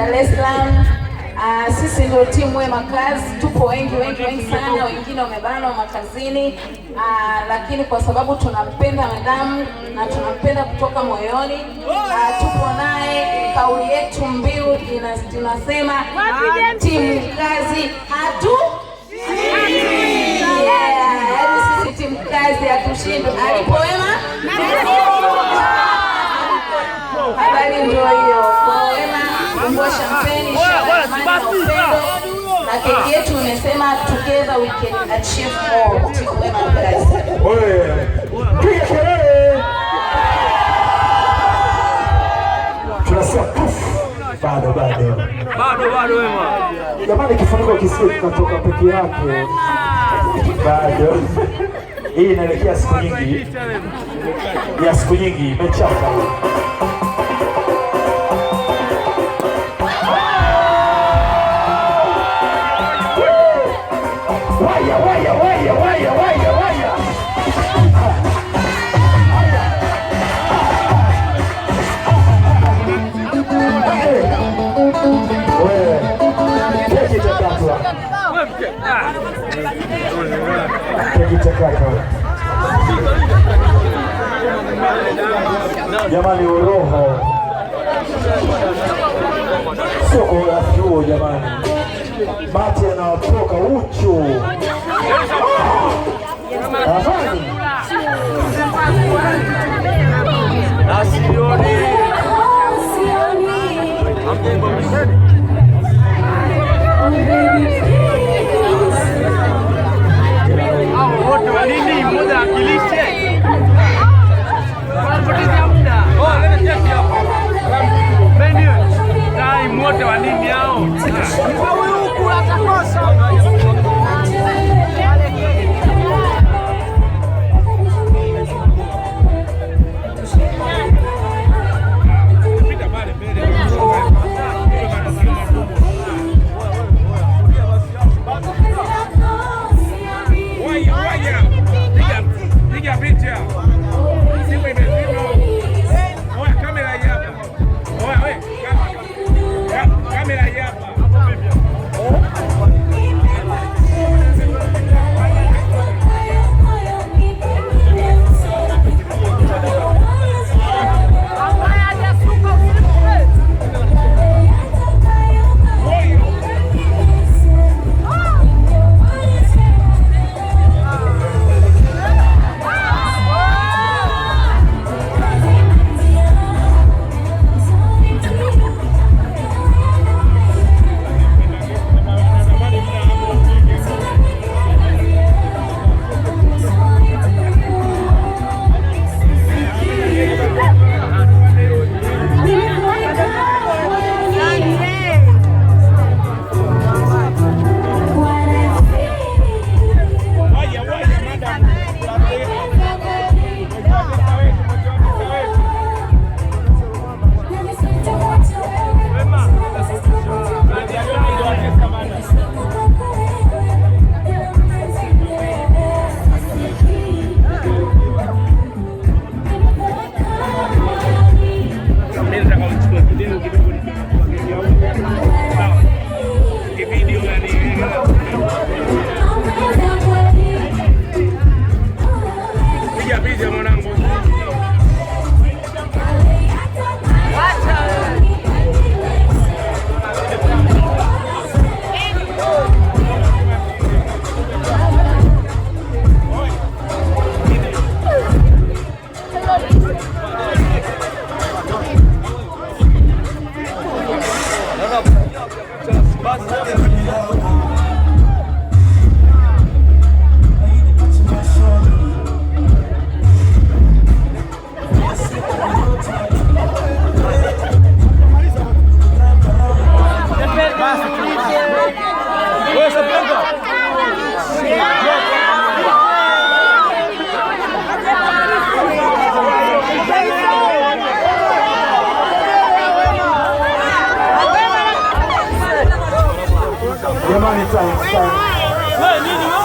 Dar es Salaam. Uh, sisi ndio timu ya makazi, tupo wengi wengi wengi sana, wengine wamebanwa makazini. Uh, lakini kwa sababu tunampenda madamu na tunampenda kutoka moyoni, uh, tupo naye. Kauli yetu mbiu tunasema timu kazi hatu yeah, sisi timu kazi hatushindwi. Alipo Wema keki yetu imesema together we can achieve more Bado bado. Bado bado wema. Jamani kifuniko kisiwe kinatoka peke yake. Bado. Hii inaelekea siku nyingi. Ya siku nyingi imechafuka. waya waya waya Jamani, uroho sio kwa urafiki huo jamani, mate yanawatoka uchu Heard it. servicio, Morango. Monitor. Wait, wait, wait, wait.